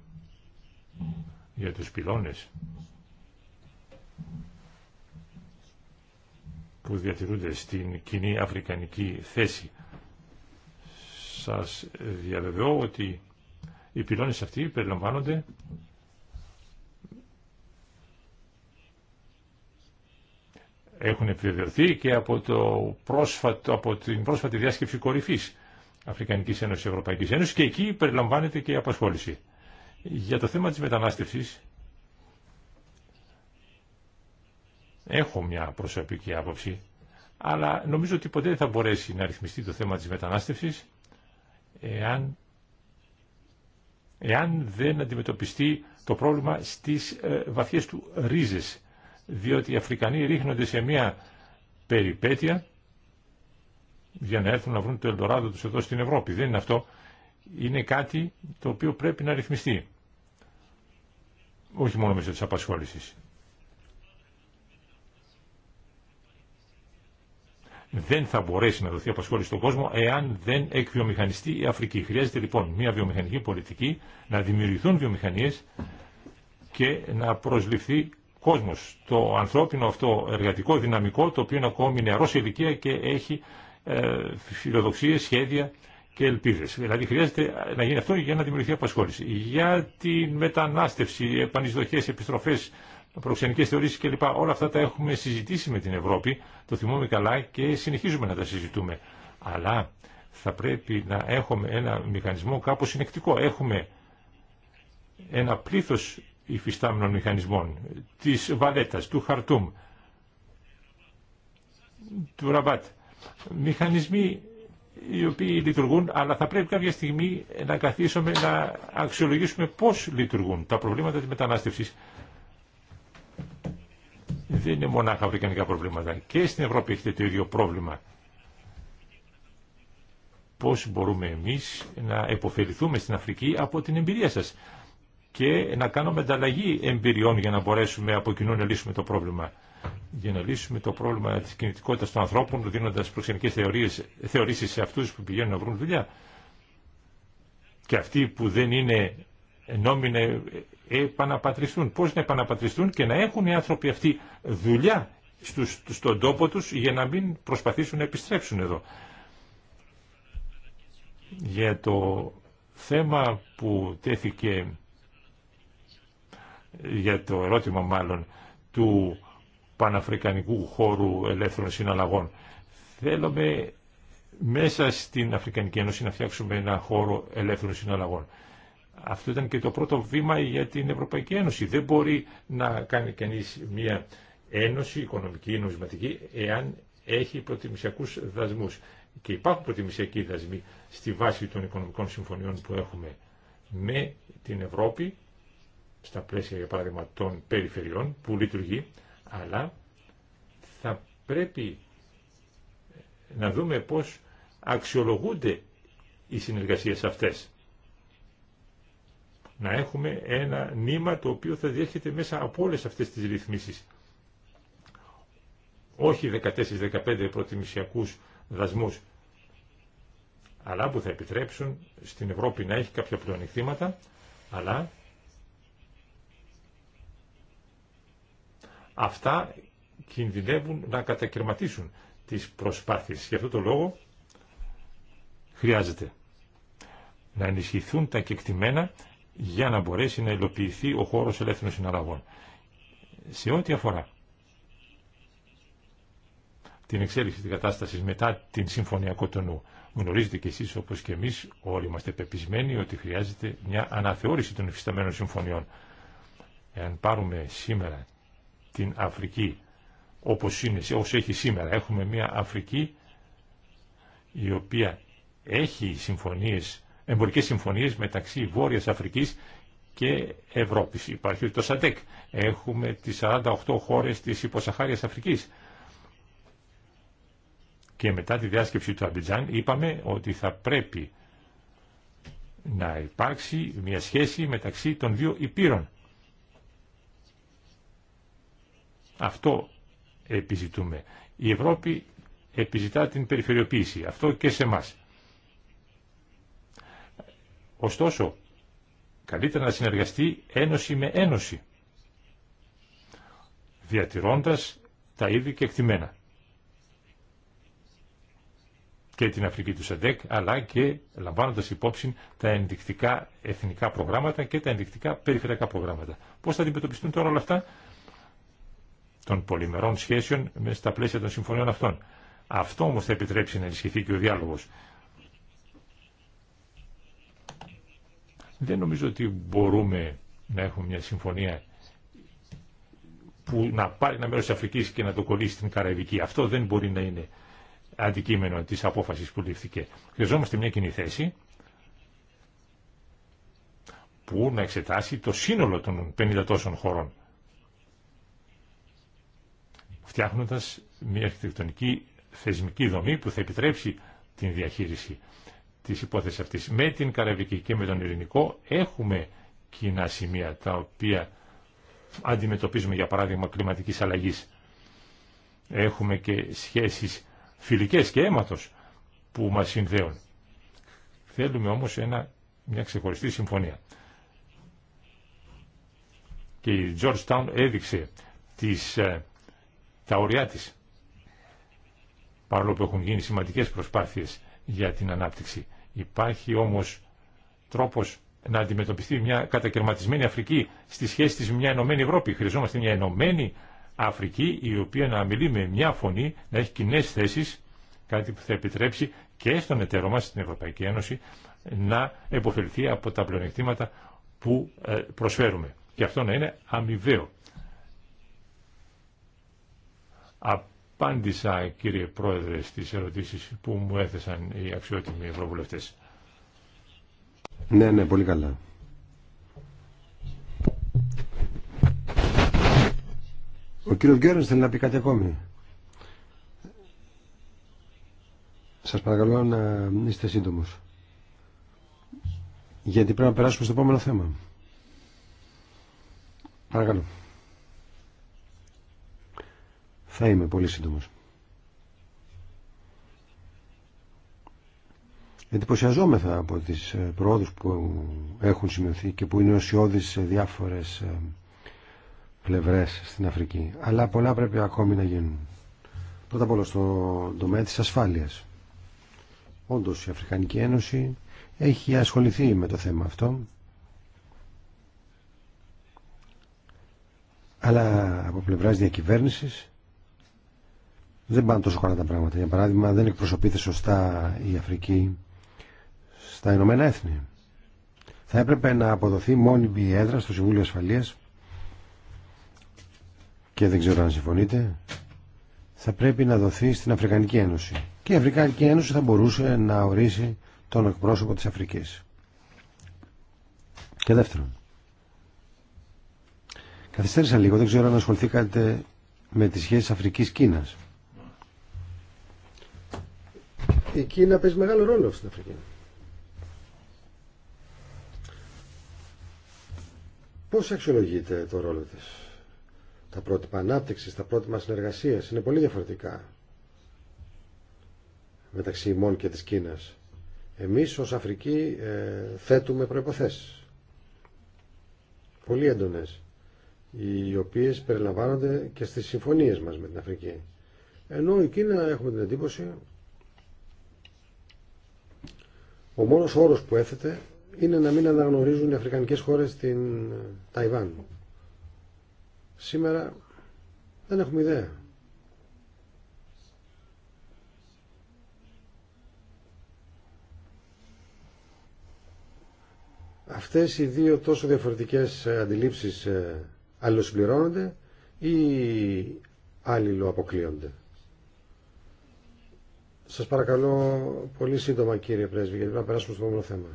για τους πυλώνες που διατηρούνται στην κοινή αφρικανική θέση. Σας διαβεβαιώ ότι οι πυλώνες αυτοί περιλαμβάνονται έχουν επιβεβαιωθεί και από, το πρόσφατο, από την πρόσφατη διάσκεψη κορυφής Αφρικανικής Ένωσης Ευρωπαϊκής Ένωσης και εκεί περιλαμβάνεται και η απασχόληση. Για το θέμα της μετανάστευσης έχω μια προσωπική άποψη αλλά νομίζω ότι ποτέ δεν θα μπορέσει να ρυθμιστεί το θέμα της μετανάστευσης εάν, εάν δεν αντιμετωπιστεί το πρόβλημα στις ε, βαθιές του ρίζες διότι οι Αφρικανοί ρίχνονται σε μια περιπέτεια για να έρθουν να βρουν το Ελτοράδο τους εδώ στην Ευρώπη. Δεν είναι αυτό. Είναι κάτι το οποίο πρέπει να ρυθμιστεί. Όχι μόνο μέσα της απασχόλησης. δεν θα μπορέσει να δοθεί απασχόληση στον κόσμο εάν δεν εκβιομηχανιστεί η Αφρική. Χρειάζεται λοιπόν μια βιομηχανική πολιτική, να δημιουργηθούν βιομηχανίες και να προσληφθεί το ανθρώπινο αυτό εργατικό δυναμικό, το οποίο είναι ακόμη νεαρό σε ηλικία και έχει ε, φιλοδοξίες, σχέδια και ελπίδες. Δηλαδή χρειάζεται να γίνει αυτό για να δημιουργηθεί απασχόληση. Για την μετανάστευση, επανεισδοχές, επιστροφές, προξενικές θεωρήσεις κλπ. Όλα αυτά τα έχουμε συζητήσει με την Ευρώπη, το θυμούμε καλά και συνεχίζουμε να τα συζητούμε. Αλλά θα πρέπει να έχουμε ένα μηχανισμό κάπως συνεκτικό. Έχουμε ένα πλήθος υφιστάμενων μηχανισμών, της βαλέτας, του χαρτούμ, του ραμπάτ. Μηχανισμοί οι οποίοι λειτουργούν, αλλά θα πρέπει κάποια στιγμή να καθίσουμε να αξιολογήσουμε πώς λειτουργούν τα προβλήματα της μετανάστευσης. Δεν είναι μονάχα αφρικανικά προβλήματα. Και στην Ευρώπη έχετε το ίδιο πρόβλημα. Πώς μπορούμε εμείς να επωφεληθούμε στην Αφρική από την εμπειρία σας και να κάνουμε ανταλλαγή εμπειριών για να μπορέσουμε από κοινού να λύσουμε το πρόβλημα. Για να λύσουμε το πρόβλημα τη κινητικότητα των ανθρώπων, δίνοντα προξενικέ θεωρήσει σε αυτού που πηγαίνουν να βρουν δουλειά. Και αυτοί που δεν είναι νόμοι να επαναπατριστούν. Πώ να επαναπατριστούν και να έχουν οι άνθρωποι αυτοί δουλειά στους, στον τόπο του για να μην προσπαθήσουν να επιστρέψουν εδώ. Για το θέμα που τέθηκε για το ερώτημα μάλλον του Παναφρικανικού χώρου ελεύθερων συναλλαγών. Θέλουμε μέσα στην Αφρικανική Ένωση να φτιάξουμε ένα χώρο ελεύθερων συναλλαγών. Αυτό ήταν και το πρώτο βήμα για την Ευρωπαϊκή Ένωση. Δεν μπορεί να κάνει κανείς μια ένωση οικονομική ή νομισματική εάν έχει προτιμησιακούς δασμούς. Και υπάρχουν προτιμησιακοί δασμοί στη βάση των οικονομικών συμφωνιών που έχουμε με την Ευρώπη στα πλαίσια, για παράδειγμα, των περιφερειών που λειτουργεί, αλλά θα πρέπει να δούμε πώς αξιολογούνται οι συνεργασίες αυτές. Να έχουμε ένα νήμα το οποίο θα διέρχεται μέσα από όλες αυτές τις ρυθμίσεις. Όχι 14-15 προτιμησιακούς δασμούς, αλλά που θα επιτρέψουν στην Ευρώπη να έχει κάποια πλεονεκτήματα, αλλά αυτά κινδυνεύουν να κατακαιρματίσουν τις προσπάθειες. Γι' αυτό το λόγο χρειάζεται να ενισχυθούν τα κεκτημένα για να μπορέσει να υλοποιηθεί ο χώρος ελεύθερων συναλλαγών. Σε ό,τι αφορά την εξέλιξη της κατάστασης μετά την Συμφωνία Κοτονού, γνωρίζετε κι εσείς όπως και εμείς όλοι είμαστε πεπισμένοι ότι χρειάζεται μια αναθεώρηση των υφισταμένων συμφωνιών. Εάν πάρουμε σήμερα την Αφρική όπως, είναι, όπως έχει σήμερα. Έχουμε μια Αφρική η οποία έχει συμφωνίες, εμπορικές συμφωνίες μεταξύ Βόρειας Αφρικής και Ευρώπης. Υπάρχει το ΣΑΝΤΕΚ. Έχουμε τις 48 χώρες της υποσαχάριας Αφρικής. Και μετά τη διάσκεψη του Αμπιτζάν είπαμε ότι θα πρέπει να υπάρξει μια σχέση μεταξύ των δύο υπήρων. Αυτό επιζητούμε. Η Ευρώπη επιζητά την περιφερειοποίηση. Αυτό και σε εμά. Ωστόσο, καλύτερα να συνεργαστεί ένωση με ένωση, διατηρώντας τα είδη και εκτιμένα. Και την Αφρική του ΣΑΝΤΕΚ, αλλά και λαμβάνοντας υπόψη τα ενδεικτικά εθνικά προγράμματα και τα ενδεικτικά περιφερειακά προγράμματα. Πώς θα αντιμετωπιστούν τώρα όλα αυτά, των πολυμερών σχέσεων μέσα στα πλαίσια των συμφωνιών αυτών. Αυτό όμως θα επιτρέψει να ενισχυθεί και ο διάλογος. Δεν νομίζω ότι μπορούμε να έχουμε μια συμφωνία που να πάρει ένα μέρος της Αφρικής και να το κολλήσει στην Καραϊβική. Αυτό δεν μπορεί να είναι αντικείμενο της απόφασης που λήφθηκε. Χρειαζόμαστε μια κοινή θέση που να εξετάσει το σύνολο των 50 τόσων χωρών φτιάχνοντας μια αρχιτεκτονική θεσμική δομή που θα επιτρέψει την διαχείριση της υπόθεσης αυτής. Με την Καραβική και με τον Ειρηνικό έχουμε κοινά σημεία τα οποία αντιμετωπίζουμε για παράδειγμα κλιματικής αλλαγής. Έχουμε και σχέσεις φιλικές και αίματος που μας συνδέουν. Θέλουμε όμως ένα, μια ξεχωριστή συμφωνία. Και η Georgetown έδειξε τις ε, τα όρια της. Παρόλο που έχουν γίνει σημαντικές προσπάθειες για την ανάπτυξη. Υπάρχει όμως τρόπος να αντιμετωπιστεί μια κατακαιρματισμένη Αφρική στη σχέση της με μια ενωμένη Ευρώπη. Χρειαζόμαστε μια ενωμένη Αφρική η οποία να μιλεί με μια φωνή, να έχει κοινέ θέσεις, κάτι που θα επιτρέψει και στον εταίρο μας, στην Ευρωπαϊκή Ένωση, να επωφελθεί από τα πλεονεκτήματα που ε, προσφέρουμε. Και αυτό να είναι αμοιβαίο. Απάντησα, κύριε Πρόεδρε, στις ερωτήσεις που μου έθεσαν οι αξιότιμοι ευρωβουλευτές. Ναι, ναι, πολύ καλά. Ο κύριος Γκέρνς θέλει να πει κάτι ακόμη. Σας παρακαλώ να είστε σύντομος. Γιατί πρέπει να περάσουμε στο επόμενο θέμα. Παρακαλώ. Θα είμαι πολύ σύντομο. Εντυπωσιαζόμεθα από τις ε, προόδους που έχουν σημειωθεί και που είναι οσιώδεις σε διάφορες ε, πλευρές στην Αφρική. Αλλά πολλά πρέπει ακόμη να γίνουν. Πρώτα απ' όλα στον τομέα της ασφάλειας. Όντως η Αφρικανική Ένωση έχει ασχοληθεί με το θέμα αυτό. Αλλά από πλευράς διακυβέρνησης δεν πάνε τόσο καλά τα πράγματα. Για παράδειγμα, δεν εκπροσωπείται σωστά η Αφρική στα Ηνωμένα Έθνη. Θα έπρεπε να αποδοθεί μόνιμη έδρα στο Συμβούλιο Ασφαλείας και δεν ξέρω αν συμφωνείτε, θα πρέπει να δοθεί στην Αφρικανική Ένωση. Και η Αφρικανική Ένωση θα μπορούσε να ορίσει τον εκπρόσωπο της Αφρικής. Και δεύτερον, καθυστέρησα λίγο, δεν ξέρω αν ασχοληθήκατε με τις σχέσεις Αφρικής-Κίνας η Κίνα παίζει μεγάλο ρόλο στην Αφρική. Πώς αξιολογείται το ρόλο της. Τα πρότυπα ανάπτυξη, τα πρότυπα συνεργασία είναι πολύ διαφορετικά μεταξύ ημών και της Κίνας. Εμείς ως Αφρική ε, θέτουμε προϋποθέσεις. Πολύ έντονες. Οι οποίες περιλαμβάνονται και στις συμφωνίες μας με την Αφρική. Ενώ η Κίνα έχουμε την εντύπωση ο μόνος όρος που έθετε είναι να μην αναγνωρίζουν οι αφρικανικές χώρες την ε, Ταϊβάν. Σήμερα δεν έχουμε ιδέα. Αυτές οι δύο τόσο διαφορετικές ε, αντιλήψεις ε, αλληλοσυμπληρώνονται ή αλληλοαποκλείονται. Σας παρακαλώ πολύ σύντομα κύριε Πρέσβη γιατί να περάσουμε στο επόμενο θέμα.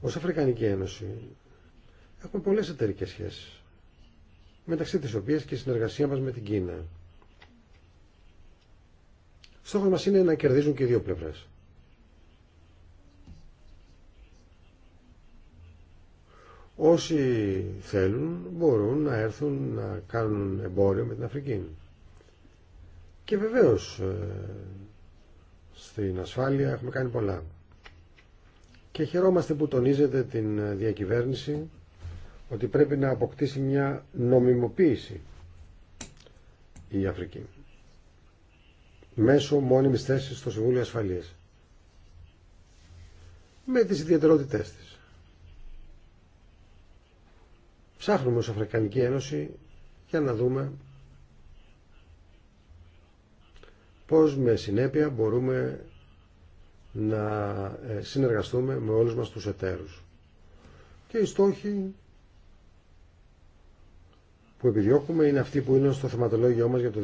Ω Αφρικανική Ένωση έχουμε πολλές εταιρικέ σχέσει μεταξύ τη οποία και η συνεργασία μας με την Κίνα. Στόχο μα είναι να κερδίζουν και οι δύο πλευρές. Όσοι θέλουν μπορούν να έρθουν να κάνουν εμπόριο με την Αφρική. Και βεβαίως ε, στην ασφάλεια έχουμε κάνει πολλά. Και χαιρόμαστε που τονίζετε την ε, διακυβέρνηση ότι πρέπει να αποκτήσει μια νομιμοποίηση η Αφρική μέσω μόνιμης θέσης στο Συμβούλιο Ασφαλείας με τις ιδιαιτερότητές της. Ψάχνουμε ως Αφρικανική Ένωση για να δούμε πώς με συνέπεια μπορούμε να ε, συνεργαστούμε με όλους μας τους εταίρους. Και οι στόχοι που επιδιώκουμε είναι αυτοί που είναι στο θεματολόγιο μας για το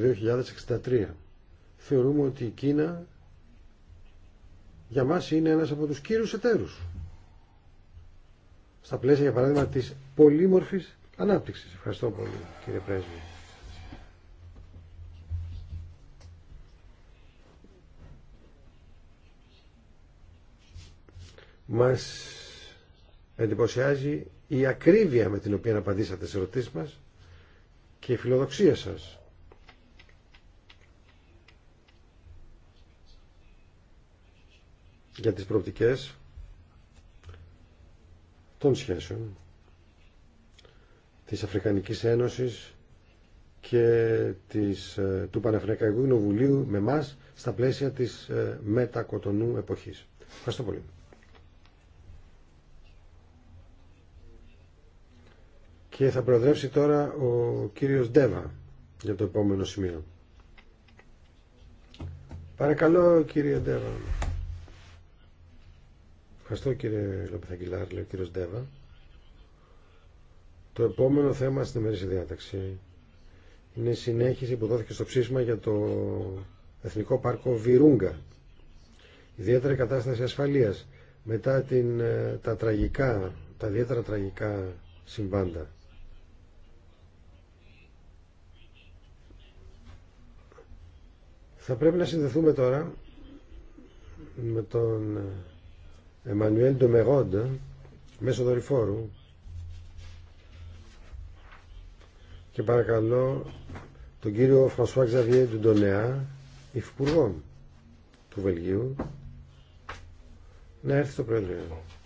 2063. Θεωρούμε ότι η Κίνα για μας είναι ένας από τους κύριους εταίρους. Στα πλαίσια, για παράδειγμα, της πολύμορφης ανάπτυξης. Ευχαριστώ πολύ, κύριε Πρέσβη. Μας εντυπωσιάζει η ακρίβεια με την οποία απαντήσατε σε ερωτήσεις μας και η φιλοδοξία σας. για τις προοπτικές των σχέσεων της Αφρικανικής Ένωσης και της, ε, του Παναφρικανικού Κοινοβουλίου με μας στα πλαίσια της ε, μετακοτονού εποχής. Ευχαριστώ πολύ. Και θα προεδρεύσει τώρα ο κύριος Ντέβα για το επόμενο σημείο. Παρακαλώ κύριε Ντέβα. Ευχαριστώ κύριε Λοπιθαγκυλάρ, λέει ο κύριος Ντέβα. Το επόμενο θέμα στην ημερήσια διάταξη είναι η συνέχιση που δόθηκε στο ψήσμα για το Εθνικό Πάρκο Βιρούγκα. Ιδιαίτερη κατάσταση ασφαλείας μετά την, ε, τα τραγικά, τα ιδιαίτερα τραγικά συμβάντα Θα πρέπει να συνδεθούμε τώρα με τον Εμμανουέλ Ντομεγόντ μέσω δορυφόρου και παρακαλώ τον κύριο Φρανσουά Ξαβιέ Ντονεά, υφυπουργό του Βελγίου, να έρθει στο Πρόεδρο.